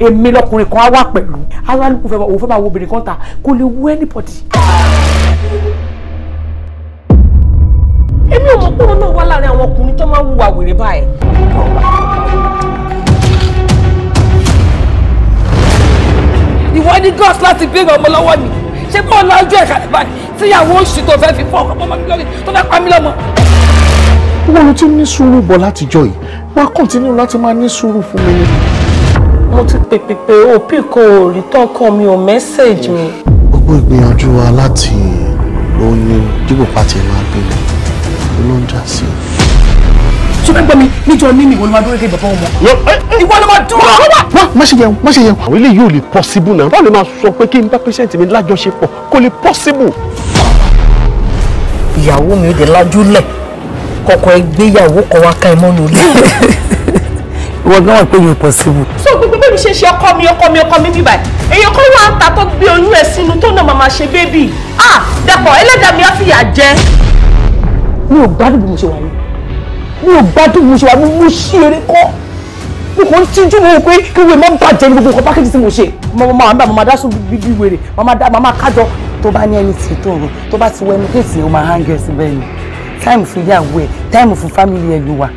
èmi lọkùnrin kan á wà pẹ̀lú ara ní kò fẹ́ òun fẹ́ máa wo obìnrin kan ta kò lè wú anybody. èmi ò mọ̀ pé òun náà wà láàrin àwọn ọkùnrin tó máa ń hùwà wèrè báyìí. ìwọ ní gọ́ọ̀sì láti béèrè ọmọ lọ́wọ́ mi ṣé bọ́ọ̀lù ọjọ́ ìkàlẹ̀ báyìí tíyàwó oṣù tó fẹ́ fi fọ́ ọkọ̀ ọmọ mi lórí tó fẹ́ pa mí lọ́mọ wọ́n ti ní sùúrù bọ̀ látijọ́ yìí wọ́n á kọ́ntínú láti máa ní sùúrù fún mi ni mo ti pèpè pé òpì kan rí tán kan mi ò mẹ́sẹ̀jì mi. gbogbo ìgbìyànjú wa láti lóyún dípò pàtì máa bímọ ló ń jà sí. ṣùgbọ́n gbọ́ mi níjọ mímì wo ló máa dúró dé bàbá ọmọ. Eh, eh. ìwọ ló máa dúró. wá má ṣe yẹn má ṣe yẹn. àwọn eléyìí ò lè possible náà báwo ló máa sọ pé kí n bá patient mi lájọṣepọ̀ kò lè possible. ìyàwó mi ò dé lajú lẹ̀ kọ̀kọ̀ ẹgbéyàwó wá ká ẹ mọ́nu lé ìwọ gan wà pé yóò possible. so bẹ́ẹ̀ mi ṣe ṣe ọkọ mi ọkọ mi ọkọ mi bíbá èèyàn kan wà ń ta tó gbé oyún ẹ̀ sínú tó náà màmá ṣe bébì ah dàpọ̀ ẹlẹ́dàá mi á fìyà jẹ. mi ò gbádùn bí mo ṣe wà yìí mi ò gbádùn bí mo ṣe wà yìí mo ṣí eré kọ́ mo kàn ń tíjú mo pé kí wèé má bàjẹ́ ní gbogbo nǹkan pákéjì tí mo ṣe màmá àmì màmá dá sùn bíbí wèrè màmá kájọ tó bá ní ẹni tì tó rùn tó bá ti wọ ẹnu kéèsì ó máa hàn gẹ̀ẹ́sì bẹ́ẹ̀ ni táìmù fún ìyàwó ẹ̀ táìmù fún fámìlì ẹ̀ ló wà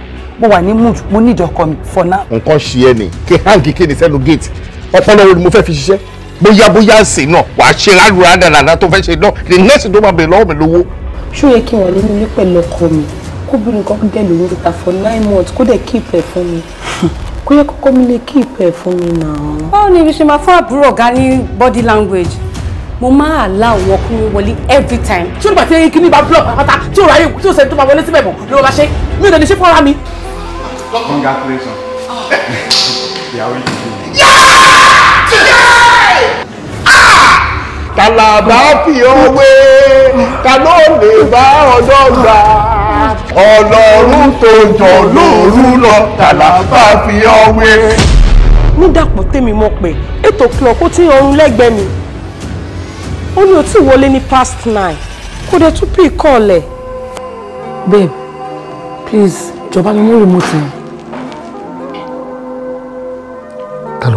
mo wà ní mood mo need ọkọ mi for now. nǹkan ṣe ẹ ní kí hangi kéde sẹ́nu gate ọpọlọ wo ni mo fẹ́ fi ṣiṣẹ́ bóyá bóyá ṣe náà wàá ṣe rárá dáadáa tó fẹ́ ṣe náà the next tó máa bèrè lọ́wọ́ mi lówó. ṣó yẹ kí n wà nínú ilé pẹ̀lú ọkọ mi kóbìnrin kan gẹ̀ lóyún kíta for nine months kó dẹ̀ keep ẹ̀ fún mi kó yẹ kókó mi lè keep ẹ̀ fún mi náà. báwo ni ibi ṣe máa fún àbúrò ọ̀gá ní body language mo máa àlá àwọn ọkùnrin wọlé every time. ṣé nígbà tí kíní bá block pátá tí ò ráyè tí ò sẹ́ni tó máa wọlé síbẹ̀ mọ́ ló máa ṣe mí ò dẹ̀ ní Congratulations. They are waiting for you. Kàlàbà fi òwe kàló lè bá ọjọ́ gbà. Ọlọ́run tó jọ lóru lọ kàlàbà fi òwe. Ní dàpọ̀ tèmi mọ̀ pé eight o'clock ó ti ọrùn lẹ́gbẹ̀ẹ́ mi. Ó ní o ti wọlé ní past nine. Kò dẹ̀ tún pè kọ́ ọ̀lẹ̀. Babe, please, jọba ni mo rí mo ti